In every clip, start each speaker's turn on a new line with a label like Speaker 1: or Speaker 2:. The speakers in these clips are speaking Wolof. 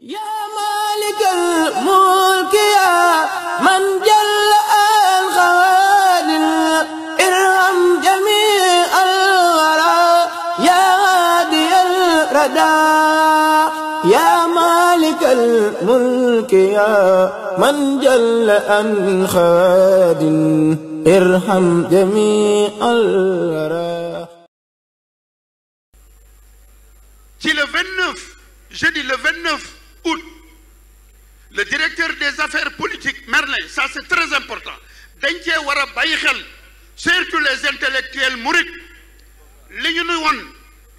Speaker 1: yaa maalikal mulki yaa man jalla al xawaadir irham jamii al waraa yaa haadiyal radaa yaa maalikal mulki yaa man jalla al xawaadir irham jamii al waraa ci le 29 jeudi le 29 août le directeur des affaires politiques Merlin ça c'est très important dañ cee war a bàyyi xel surtout les intellectuels mourides li ñu nu woon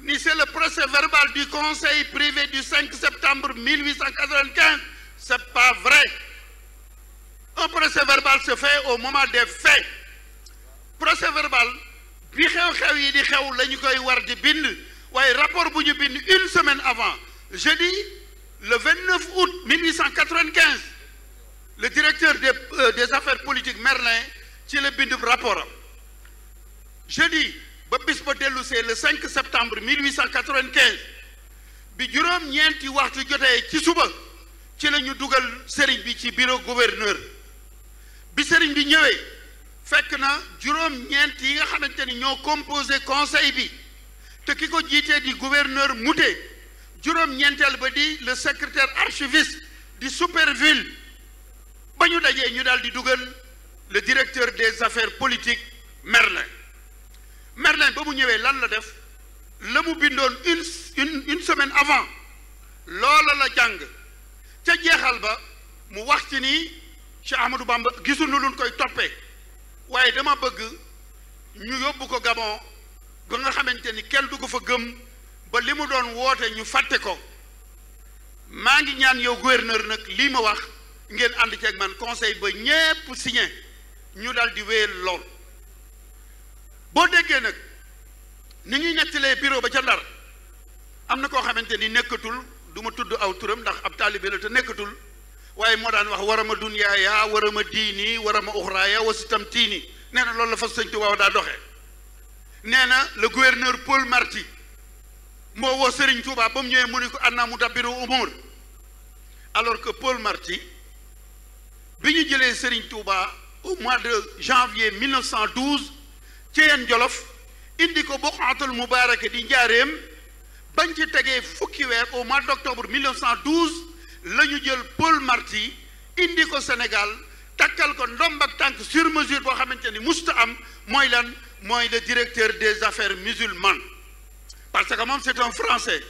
Speaker 1: ni c'est le procès verbal du conseil privé du 5 septembre 1895 c'est pas vrai un procès verbal se fait au moment des faits procès verbal bi xew-xew yi di xew la ñu koy war di bind waaye rapport bu ñu bind une semaine avant jeudi le 29 août 1895 le directeur des euh, des affaires politiques Merlin ci la bindub rapport am jeudi ba bis ba dellusee le 5 septembre 1895 bi juróom-ñeenti waxtu jotee ci suba ci la ñu dugal sëriñ bi ci bureau gouverneur bi sëriñ bi ñëwee fekk na juróom-ñeent yi nga xamante ni ñoo composé conseil bi te ki ko jiitee di gouverneur Moutet. juróom-ñeenteel ba di le secrétaire archiviste di Superville ba ñu dajee ñu daal di dugal le directeur des affaires politiques Merlin Merlin ba mu ñëwee lan la def la mu bindoon une une semaine avant loola la jàng ca jeexal ba mu wax ci ni Cheikh Ahmadou Bamba gisuñu luñ koy toppe waaye dama bëgg ñu yóbbu ko Gabon ba nga xamante ni kenn du ko fa gëm. ba li mu doon woote ñu fàtte ko maa ngi ñaan yow gouverneur nag lii ma wax ngeen ànd ceeg man conseil ba ñépp signé ñu daal di wéyal lool boo déggee nag ni ñuy nettalee bureau ba ca ndar am na koo xamante ni nekkatul du ma tudd aw turam ndax ab taalibe la te nekkatul waaye moo daan wax war ma warama dunyaaya ma diini warama uxraaya wasitam tiini nee na loolu la fa sëñ Tuubaa daa doxe nee na le gouverneur Paul Marty moo woo Serigne Touba ba mu ñëwee mu ne ko anna mu dabbiru umur alors que Paul Marty bi ñu jëlee Serigne Touba au mois de janvier 1912 ci yeen Jolof indi ko boqaatul mubaaraka di njaareem bañ ci tegee fukki weer au mois d' octobre 1912 la ñu jël Paul Marty indi ko Sénégal takkal ko ndomb ak tànk sur mesure boo xamante ni musta am mooy lan mooy le directeur des affaires musulmanes. parce que moom c'est un français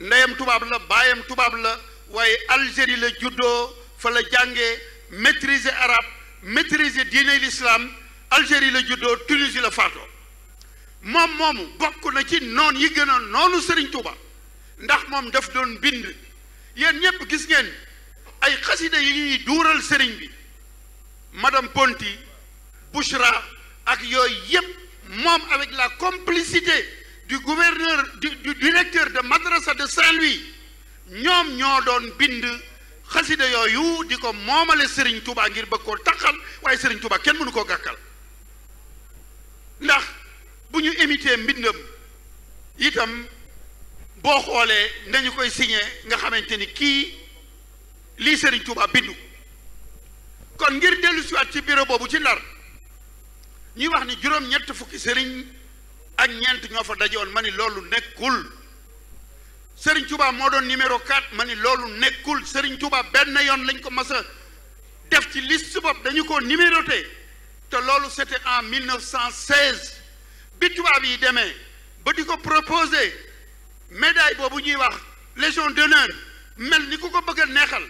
Speaker 1: ndeyam tubaab la baayam tubaab la waaye Algérie la juddoo fa la jàngee maîtriser arabe maîtriser diine l'islam Algérie la juddoo Tunisie la faatoo moom moomu bokk na ci noon yi gën a noonu Serigne Touba ndax moom def doon bind yéen ñëpp gis ngeen ay xasida yi ñuy duural Serigne bi madame Ponti Bouchra ak yooyu yëpp moom avec la complicité. du gouverneur du, directeur de madrasa de Saint-Louis ñoom ñoo doon bind xasida yooyu di ko moomale sëriñ Touba ngir bëgg koo taxal waaye sëriñ Touba kenn mënu koo gàkkal ndax bu ñu imité mbindam itam boo xoolee ndañu koy signé nga xamante ni kii lii Serigne Touba bindu kon ngir dellu siwaat ci bureau boobu ci Ndar ñuy wax ni juróom-ñett fukki Serigne. ak ñeent ñoo fa dajoon ma ni loolu nekkul Serigne Touba moo doon numéro 4 ma ni loolu nekkul Serigne Touba benn yoon lañ ko mas def ci list bopp dañu ko numéroté te loolu c'était en 1916 bi tubaab yi demee ba di ko proposé médaille boobu ñuy wax légion d'honneur mel ni ku ko bëgg neexal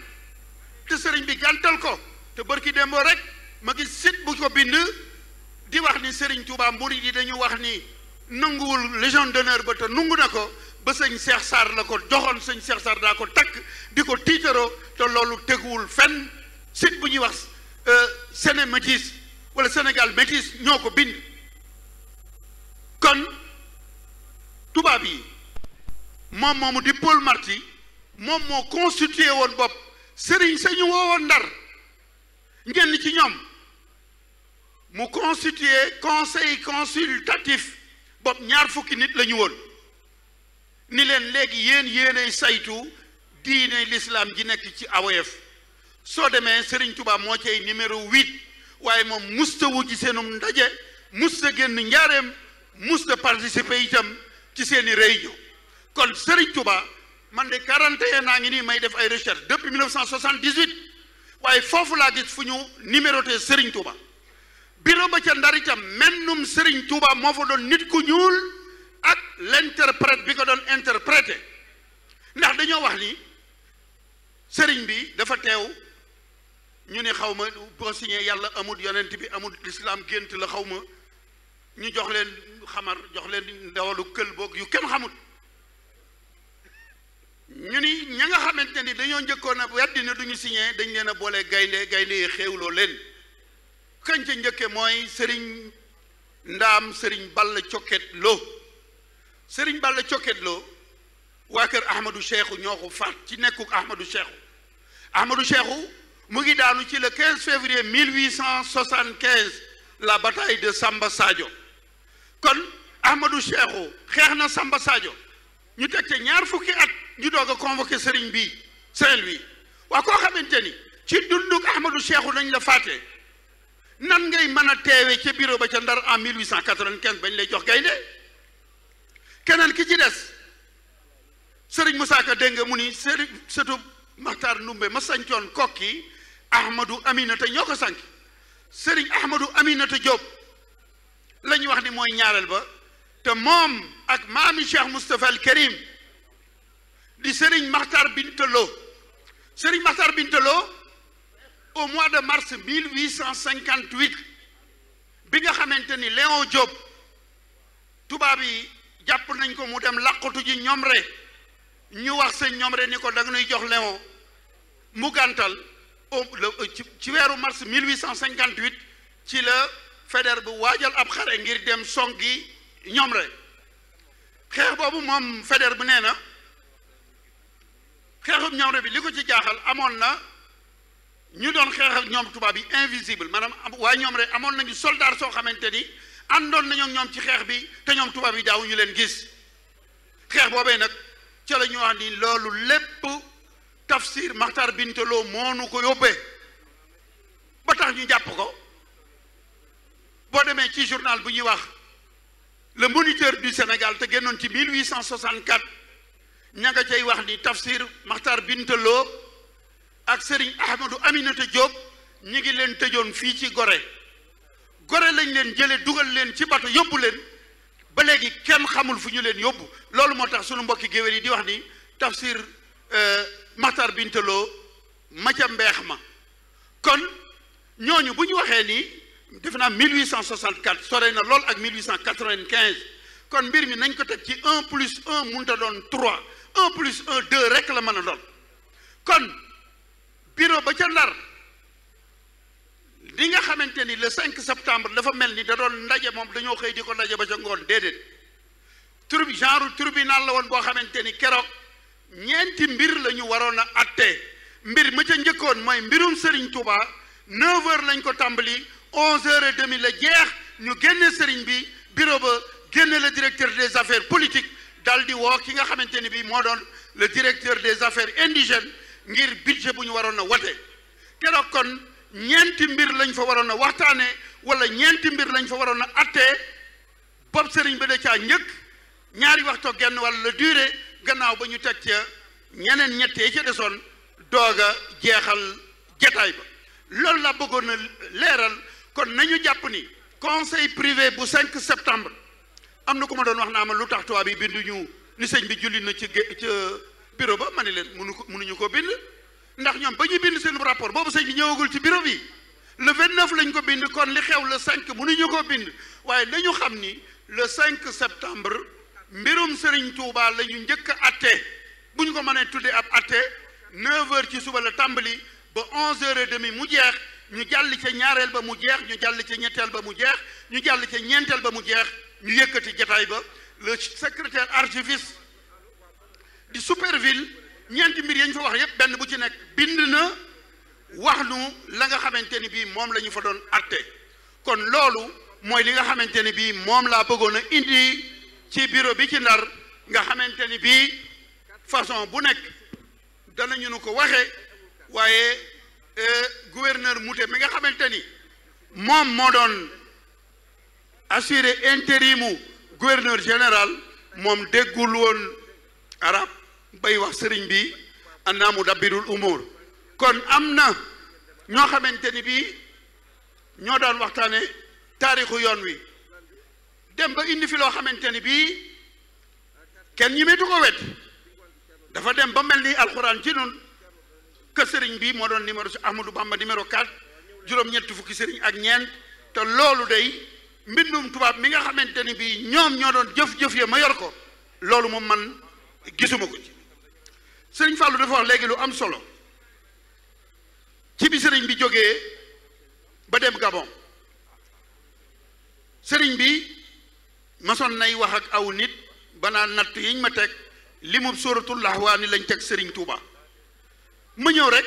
Speaker 1: te sëriñ bi gàntal ko te bërki démboo rek ma gis sit bu ko bind di wax ni Serigne Touba murid yi dañu wax ni. nanguwul légion d'honneur ba te nangu na ko ba sañ Cheikh Sarr la ko joxoon sëñ seex Sarr daa ko takk di ko tiitaroo te loolu teguwul fenn site bu ñuy wax euh, Séné métis wala Sénégal métis ñoo ko bind kon tubaab yi moom moomu di Paul Marty moom moo constitué woon bopp sëriñ sañu woowoon ndar ñenn ci ñoom mu constitué conseil consultatif bopp ñaar fukki nit la ñu woon ni leen léegi yéen yéenay saytu diine lislaam ji nekk ci AOF soo demee Serigne Touba moo cay numéro huit waaye moom musta wu ci seenum ndaje musta génn njaareem musta participer itam ci seeni réunion kon Serigne Touba man de 41 naa ngi nii may def ay recherche depuis 1978 waaye foofu laa gis fu ñu numéroté Serigne Touba. bureau ba ca ndar itam mennum Serigne Touba moo fa doon nit ku ñuul ak l'interprète bi ko doon interprété ndax dañoo wax ni sëriñ bi dafa teew ñu ne xaw ma boo signé yàlla amut yonent bi amut lislaam gént la xaw ma ñu jox leen xamar jox leen dawalu kël boog yu kenn xamut ñu ni ña nga xamante ni dañoo njëkkoon a weddi ne duñu signé dañ leen a boole gaynde gaynde yi xéewloo leen kañ ca njëkke mooy sëriñ ndaam sëriñ Balla Coket Lo sëriñ Balla Coket Lo waa kër Ahmadou Cheikhou ñoo ko faat ci nekkuk Ahmadou Cheikhou Ahmadou Cheikhou mu ngi daanu ci le 15 février 1875 la bataille de Samba Sadio kon Ahmadou Cheikhou xeex na Samba Sadio ñu teg te ñaar fukki at ñu doog a convoqué sëriñ bi Saint-Louis waa koo xamante ni ci dunduk Ahmadou Cheikhou nañ la faatee nan ngay mën a teewe ca bureau ba ca ndar en 1895 bañ lay jox gaynde keneen ki ci des sëriñ Moussa Ka nga mu ni sëriñ sëtu Maxtaar Ndumbe ma sancoon kokki Ahmadu Aminata ñoo ko sànq sëriñ Ahmadu Aminata Diop la ñuy wax ni mooy ñaareel ba te moom ak maami Cheikh Moustapha al Karim di sëriñ Maxtaar Bintaloo sëriñ Maxtaar Bintaloo au mois de mars 1858 bi nga xamante ni Léon Diop tubaab yi jàpp nañ ko mu dem làqatu ji Ñomre ñu wax sëñ Ñomre ni ko da nga nuy jox Léon mu gàntal au ci weeru mars 1858 ci la Faidherbe bu waajal ab xare ngir dem songi Ñomre xeex boobu moom Faidherbe bu nee na xeexub Ñomre bi li ko ci jaaxal amoon na ñu doon xeex ñoom tubaab yi invisible maanaam waaye ñoom rek amoon nañu soldat soo xamante ni àndoon nañoo ñoom ci xeex bi te ñoom tubaab yi daawuñu leen gis xeex boobee nag ca la ñu wax ni loolu lépp tafsir maxtar bintaloo moonu ko yóbbee ba tax ñu jàpp ko boo demee ci journal bu ñuy wax le moniteur du Sénégal te génnoon ci 1864 ña nga cay wax ni tafsir maxtar loo ak sëriñ Ahmadou Aminata Diop ñu ngi leen tëjoon fii ci gore Gorée lañ leen jële dugal leen ci bato yóbbu leen ba léegi kenn xamul fu ñu leen yóbbu loolu moo tax suñu mbokki géwél yi di wax ni tafsir euh, Matar Bintaloo ma ca mbeex ma kon ñooñu bu ñu waxee nii defe naa 1864 sore na lool ak 1895 kon mbir mi nañ ko teg ci un plus 1 mënut a doon 3 un plus 1 2 rek la mën a doon kon. bureau ba ca ndar li nga xamante ni le 5 septembre dafa mel ni da doon ndaje moom dañoo xëy di ko ndaje ba ca ngoon déedéet tur genre tribunal la woon boo xamante ni keroog ñeenti mbir la ñu waroon a atte mbir ma ca njëkkoon mooy mbirum Serigne Touba 9h lañ ko tàmbali 11h30 la jeex ñu génne Serigne bi bureau ba génne le directeur des affaires politiques dal di woo ki nga xamante ni bii moo doon le directeur des affaires indigènes. ngir budget bu ñu waroon a wote keroog kon ñeenti mbir lañ fa waroon a waxtaanee wala ñeenti mbir lañ fa waroon a attee bopp sëriñ bi da caa njëkk ñaari waxtoo genn wàll la gannaaw ba ñu taj ca ñeneen ñettee ca desoon doog a jeexal jataay ba loolu la bëggoon a leeral kon nañu jàpp ni conseil privé bu 5 septembre am na ko ma doon wax naa ma lu tax tubaab yi binduñu ni sëñ bi julli na ci ca bureau ba ma ne leen mënu ko mënuñu ko bind ndax ñoom ba ñu bind seen rapport boobu sëñ bi ñëwagul ci bureau bi le 29 lañ ko bind kon li xew le 5 mënuñu ko bind waaye dañu xam ni le 5 septembre mbirum Serigne Touba la ñu njëkk a atte bu ñu ko mënee tuddee ab atte 9h ci suba la tàmbali ba 11h30 mu jeex ñu jàll ca ñaareel ba mu jeex ñu jàll ca ñetteel ba mu jeex ñu jàll ca ñeenteel ba mu jeex ñu yëkkati jataay ba le secrétaire archiviste. di Superville ñeenti mbir yañ fa wax yépp benn bu ci nekk bind na wax nu la nga xamante ni bii moom la ñu fa doon atte kon loolu mooy li nga xamante ni bii moom laa bëggoon a indi ci bureau bi ci Ndar nga xamante ni bii façon bu nekk danañu nu ko waxee waaye e, gouverneur Mouté mi nga xamante ni moom moo doon assurer intérimu gouverneur général moom déggul woon arab bay wax sëriñ bi ana mu dabbirul umur kon am na ñoo xamante ni bii ñoo daan waxtaane taarixu yoon wi dem ba indi fi loo xamante ni bii kenn ñi metu ko wet dafa dem ba mel ni alxuraan ci nun que sëriñ bii moo doon numéro Ahmadou Bamba numéro 4 juróom-ñetti fukki sëriñ ak ñeent te loolu day mbindum tubaab mi nga xamante ni bii ñoom ñoo doon jëf-jëf ya ma yor ko loolu moom man gisuma ko ci sëriñ Fallou dafa wax léegi lu am solo ci bi sëriñ bi jógee ba dem Gabon sëriñ bi mason nay wax ak aw nit ba naa natt yiñ ma teg li mu sóoratul ni lañ teg sëriñ Touba ma ñëw rek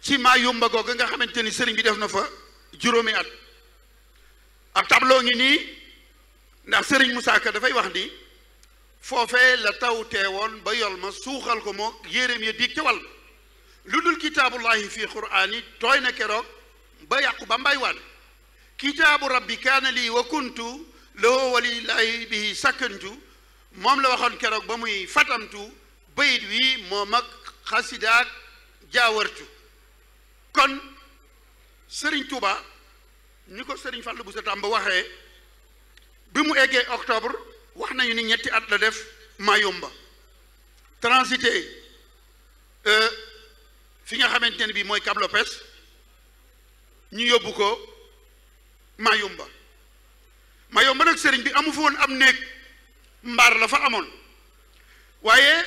Speaker 1: ci maa yomba googa nga xamante ni sëriñ bi def na fa juróomi at ab tableau ngi nii ndax sëriñ mu Ka dafay wax ni foofee la taw teewoon ba yol suuxal ko moo yéreem ya diig ca wal lu dul kitaabullahi fi quraan tooy na keroog ba yàqu ba mbay waane kitaabu rabbi kaana lii wa kuntu lahu walilaahi bihi sakkantu moom la waxoon keroog ba muy fatamtu bayit wi moom ak xasidaak jaawartu kon sëriñ Touba ni ko sëriñ Fallou bu sa tàmb waxee bi mu eggee octobre wax nañu ni ñetti at la def Mayumba transité euh, fi nga xamante ne bii mooy Cap Lopez ñu yóbbu ko Mayumba Mayumba nag sëriñ bi amu fa woon am néeg mbaar la fa amoon waaye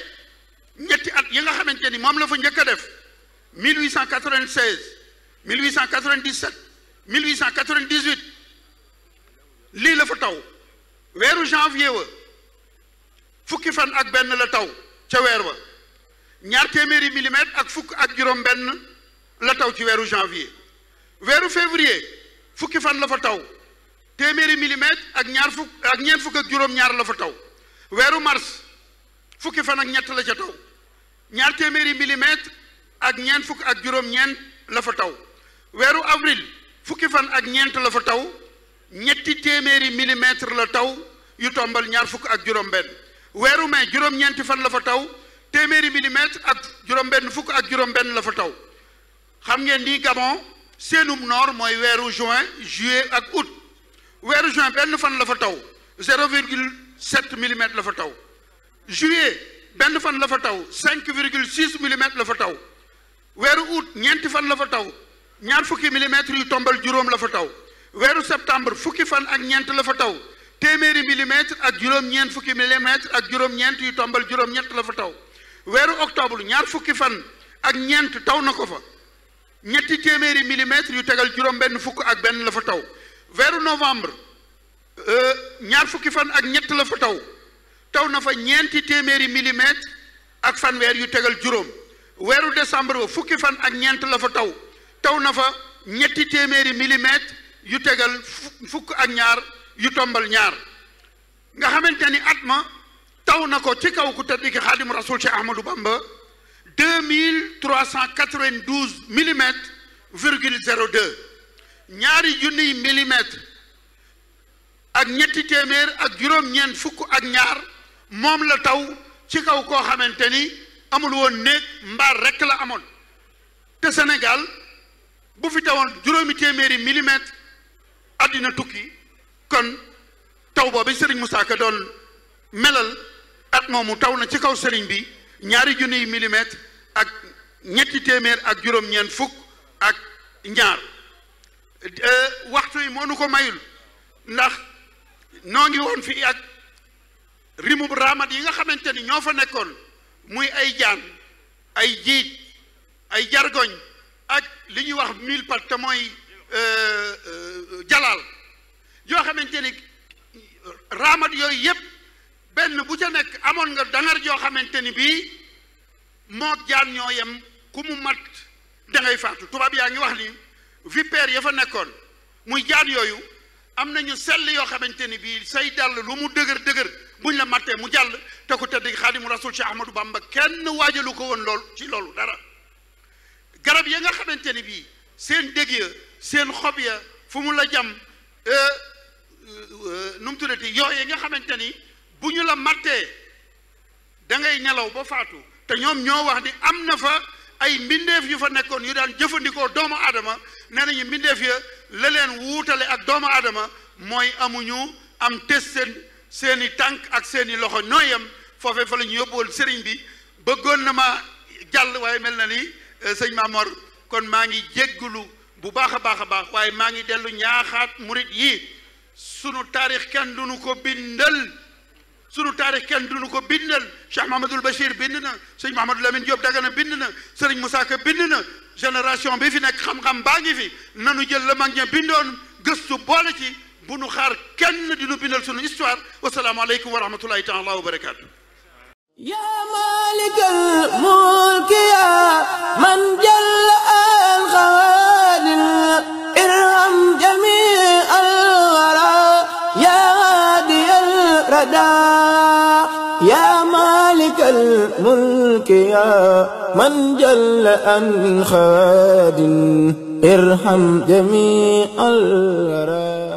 Speaker 1: ñetti at yi nga xamante ni moom la fa njëkk a def 1896 1897 1898 lii la fa taw. weeru janvier wa fukki fan ak benn la taw ca weer wa ñaar téeméeri millimètres ak fukk ak juróom benn la taw ci weeru janvier weeru février fukki fan la fa taw téeméeri millimètres ak ñaar fukk ak ñeent fukk juróom ñaar la fa taw weeru mars fukki fan ak ñett la ca taw ñaar téeméeri millimètres ak ñeent fukk ak juróom ñeent la fa taw weeru avril fukki fan ak ñeent la fa taw ñetti téeméeri milimètre la taw yu tombal ñaar fukk ak juróom-benn weeru mai juróom-ñeenti fan la fa taw téeméeri milimètre ak juróom-benn fukk ak juróom-benn la fa taw xam ngeen di Gabon seenum noor mooy weeru juin juillet ak août weeru juin benn fan la fa taw zéro virgule sept milimètre la fa taw juillet benn fan la fa taw cinq virgule six milimètre la fa taw weeru août ñeenti fan la fa taw ñaar fukki milimètres yu tombal juróom la fa taw. weeru septembre fukki fan ak ñeent la fa taw téeméeri millimètre ak juróom-ñeent fukki millimètre ak juróom-ñeent yu tombal juróom-ñett la fa taw weeru octobre ñaar fukki fan ak ñeent taw na ko fa téeméeri millimètre yu tegal juróom fukk ak benn la fa taw weeru novembre euh, ñaar fukki fan ak ñett la fa taw taw na fa ñeenti téeméeri millimètre ak fanweer yu tegal juróom weeru décembre fukki fan ak ñeent la fa taw taw na fa ñetti téeméeri millimètre yu tegal fukk ak ñaar yu tombal ñaar nga xamante ni at ma taw na ko ci kaw ku tedd ki xaadimu ci Ahmadou Bamba deux mille cent quatre-vingt-douze millimètres virgule zéro ñaari junniy ak ñetti téeméer ak juróom-ñeent fukk ak ñaar moom la taw ci kaw koo xamante ni amul woon néeg mbaar rekk la amoon te Sénégal bu fi tawoon juróomi téeméeri millimètres àddina tukki kon taw boobu sëriñ mu Ka doon melal at moomu taw na ci kaw sëriñ bi ñaari junniy millimètre ak ñetti téeméer ak juróom-ñeent fukk ak ñaar euh, waxtu yi moo nu ko mayul ndax noo ngi woon fii ak rimub raamat yi nga xamante ni ñoo fa nekkoon muy ay jaan ay jiit ay jargoñ ak li ñuy wax mille pat te mooy Euh, euh, jalaal yoo xamante ni raamat yooyu yëpp benn bu ca nekk amoon nga dangar yoo xamante ni bii moo jaan ñoo yem ku mu mat dangay ngay tubaab yaa ngi wax ni vipère ya fa nekkoon muy jaan yooyu am nañu sell yoo xamante ni bii say dàll lu mu dëgër dëgër buñ la mattee mu jàll te ku tedd xaadimu rasul Cheikh Ahmadou Bamba kenn waajalu ko woon lool ci loolu dara garab ya nga xamante ni bii seen dëgg ya seen xob ya fu mu la jam eh, eh, nu mu tuddati yooye nga xamante ni bu ñu la mattee da ngay nelaw ba faatu te ñoom ñoo wax ni am na fa ay mbindeef yu fa nekkoon yu daan jëfandikoo doomu aadama nee nañu mbindeef ya la leen wuutale ak doomu aadama mooy amuñu am tës seeni tànk ak seeni loxo nooyam foofee fa la ñu sëriñ bi bëggoon na ma jàll waaye mel na ni eh, sëñ Mamor kon maa ngi jéggulu bu baax a baax a baax waaye maa ngi dellu ñaaxaat murit yi sunu taarix kenn nu ko bindal sunu taarix kenn duñu ko bindal Cheikh Mahamadul Bachir bind na sëñ Mahamadou Lamine Diop Dagana bind na sëriñ Moussa Ka bind na génération bi fi nekk xam-xam baa ngi fi nanu jël la mag ña bindoon gëstu boole ci bu nu xaar kenn dinu bindal sunu histoire wasalaamaaleykum wa rahmatullahi taala wa barakaatu. منك يا من جل أن خاد ارحم جميع الراد